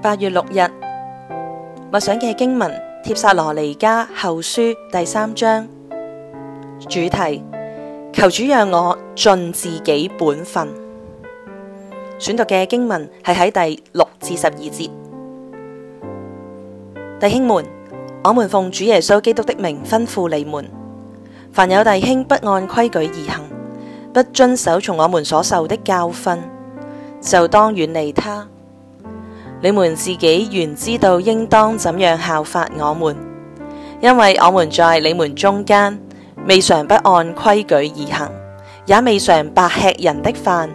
八月六日默想嘅經文《帖撒羅尼迦後書》第三章主題：求主讓我盡自己本分。選讀嘅經文係喺第六至十二節。弟兄們，我們奉主耶穌基督的名吩咐你們：凡有弟兄不按規矩而行，不遵守從我們所受的教訓，就當遠離他。你們自己原知道應當怎樣效法我們，因為我們在你們中間，未嘗不按規矩而行，也未嘗白吃人的飯，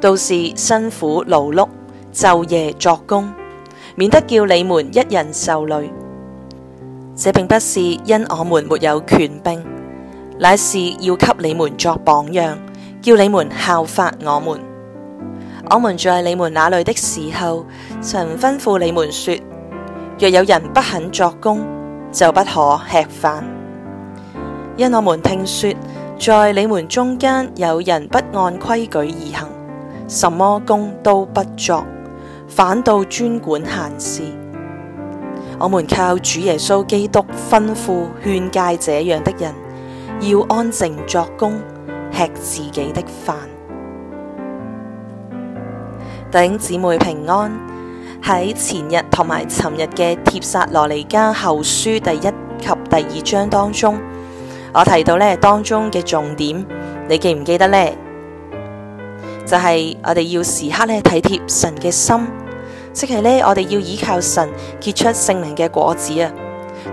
倒是辛苦勞碌，晝夜作工，免得叫你們一人受累。這並不是因我們沒有權柄，乃是要給你們作榜樣，叫你們效法我們。我們在你們那裏的時候，曾吩咐你們說：若有人不肯作工，就不可吃飯。因我們聽說，在你們中間有人不按規矩而行，什麼工都不作，反倒專管閒事。我們靠主耶穌基督吩咐勸戒這樣的人，要安靜作工，吃自己的飯。弟兄姊妹平安，喺前日同埋尋日嘅帖撒羅尼迦後書第一及第二章當中，我提到呢當中嘅重點，你記唔記得呢？就係、是、我哋要時刻呢體貼神嘅心，即係呢，我哋要依靠神結出聖靈嘅果子啊，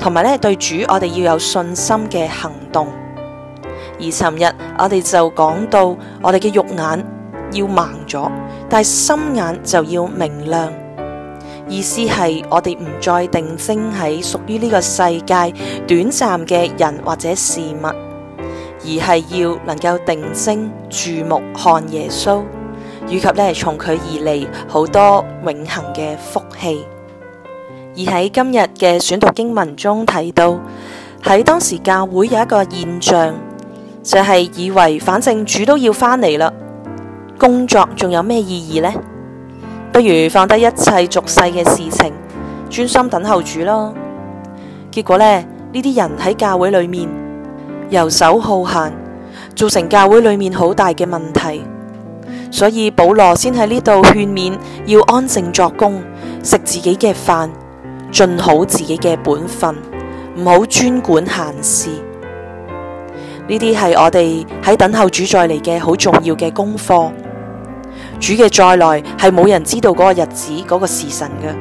同埋呢對主我哋要有信心嘅行動。而尋日我哋就講到我哋嘅肉眼要盲咗。但心眼就要明亮。意思係我哋唔再定睛喺屬於這個世界短暫嘅人或者事物，而係要能夠定睛注目看耶穌，以及咧從佢而嚟好多永恆嘅福氣。而喺今日嘅選讀經文中睇到，喺當時教會有一個現象，就係以為反正主都要翻嚟啦。工作仲有咩意義呢？不如放低一切俗世嘅事情，專心等候主咯。結果呢，呢啲人喺教會裏面遊手好閒，造成教會裏面好大嘅問題。所以保羅先喺呢度勸勉要安靜作工，食自己嘅飯，盡好自己嘅本分，唔好專管閒事。呢啲係我哋喺等候主再嚟嘅好重要嘅功課。主嘅再來係冇人知道嗰個日子嗰個時辰嘅。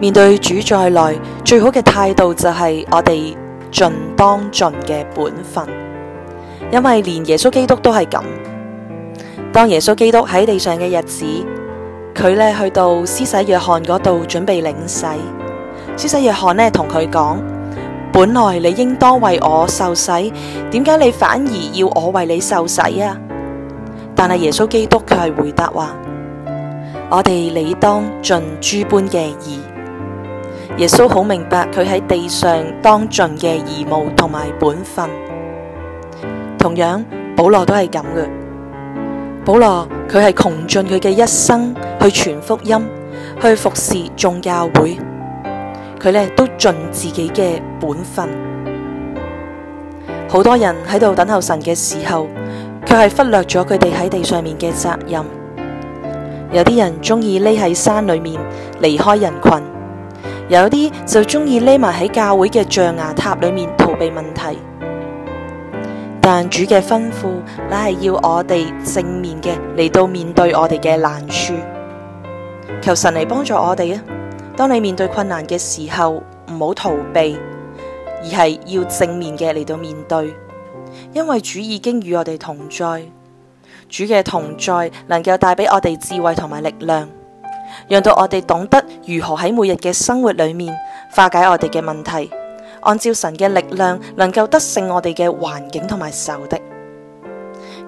面對主再來最好嘅態度就係我哋盡當盡嘅本分，因為連耶穌基督都係咁。當耶穌基督喺地上嘅日子，佢呢去到施洗約翰嗰度準備領洗，施洗約翰呢同佢講：本來你應當為我受洗，點解你反而要我為你受洗啊？但係耶穌基督佢係回答話：我哋理當盡諸般嘅義。耶穌好明白佢喺地上當盡嘅義務同埋本分。同樣保羅都係咁嘅，保羅佢係窮盡佢嘅一生去傳福音、去服侍眾教會，佢咧都盡自己嘅本分。好多人喺度等候神嘅時候。卻係忽略咗佢哋喺地上面嘅責任。有啲人鍾意匿喺山裡面離開人群，有啲就鍾意匿埋喺教會嘅象牙塔裡面逃避問題。但主嘅吩咐乃係要我哋正面嘅嚟到面對我哋嘅難處。求神嚟幫助我哋啊！當你面對困難嘅時候，唔好逃避，而係要正面嘅嚟到面對。因為主已經與我哋同在，主嘅同在能夠帶俾我哋智慧同埋力量，讓到我哋懂得如何喺每日嘅生活裏面化解我哋嘅問題，按照神嘅力量能夠得勝我哋嘅環境同埋仇敵。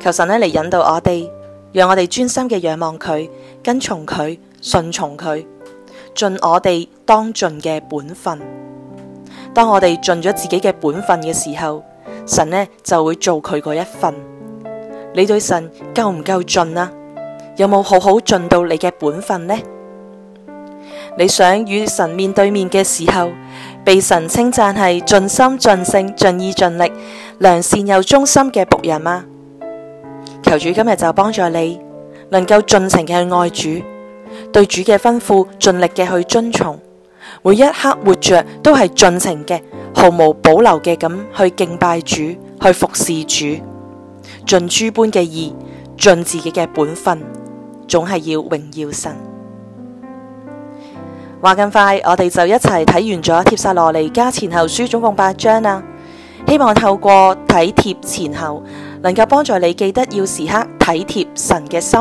求神呢嚟引導我哋，讓我哋專心嘅仰望佢，跟從佢，順從佢，盡我哋當盡嘅本分。當我哋盡咗自己嘅本分嘅時候，神呢，就會做佢嗰一份，你對神夠唔夠盡啊？有冇好好盡到你嘅本分呢？你想與神面對面嘅時候，被神稱讚係盡心盡性盡意盡力良善又忠心嘅僕人嗎、啊？求主今日就幫助你，能夠盡情嘅去愛主，對主嘅吩咐盡力嘅去遵從，每一刻活着都係盡情嘅。毫無保留嘅咁去敬拜主，去服侍主，盡諸般嘅義，盡自己嘅本分，總係要榮耀神。話咁快，我哋就一齊睇完咗帖撒羅尼迦前後書總共八章啊。希望透過睇帖前後，能夠幫助你記得要時刻體貼神嘅心。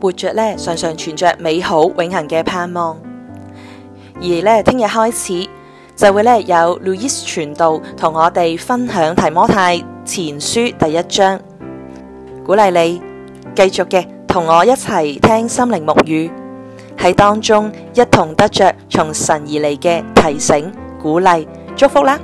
活着呢，常常存着美好永恆嘅盼望。而呢，聽日開始。就會有 Louis 傳道同我哋分享提摩太前書第一章，鼓勵你繼續嘅同我一齊聽心靈牧語，喺當中一同得着從神而來嘅提醒、鼓勵、祝福啦。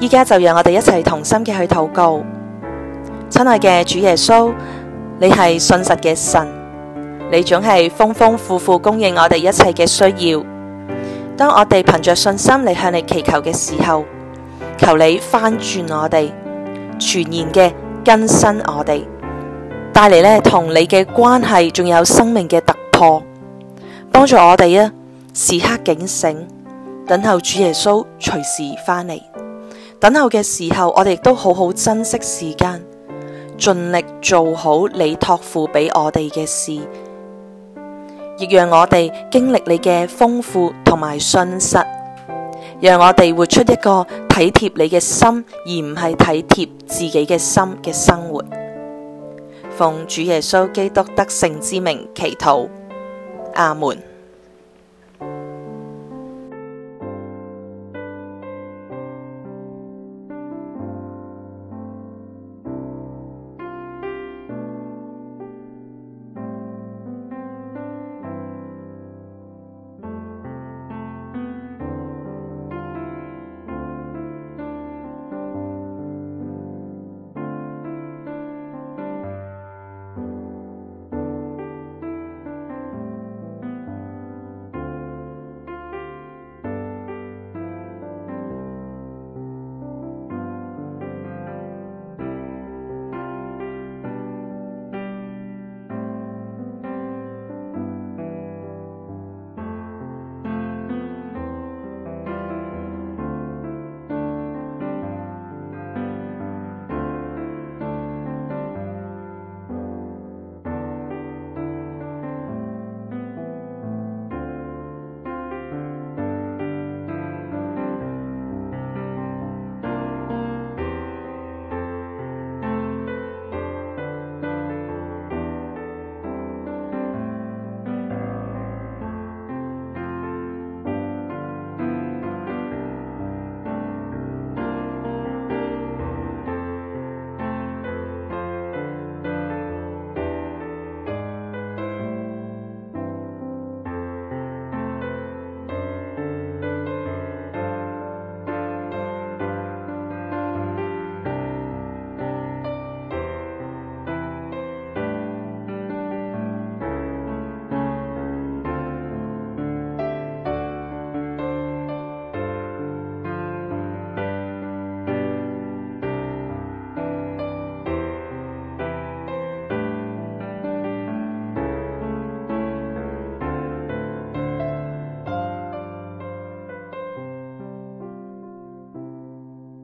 依家就讓我哋一齊同心嘅去禱告，親愛嘅主耶穌，你係信實嘅神，你總係豐豐富富供應我哋一切嘅需要。當我哋憑着信心嚟向你祈求嘅時候，求你翻轉我哋，全然嘅更新我哋，帶嚟咧同你嘅關係，仲有生命嘅突破，幫助我哋啊！時刻警醒，等候主耶穌隨時翻嚟。等候嘅時候，我哋亦都好好珍惜時間，盡力做好你託付俾我哋嘅事，亦讓我哋經歷你嘅豐富同埋信實，讓我哋活出一個體貼你嘅心，而唔係體貼自己嘅心嘅生活。奉主耶穌基督得勝之名祈禱，阿門。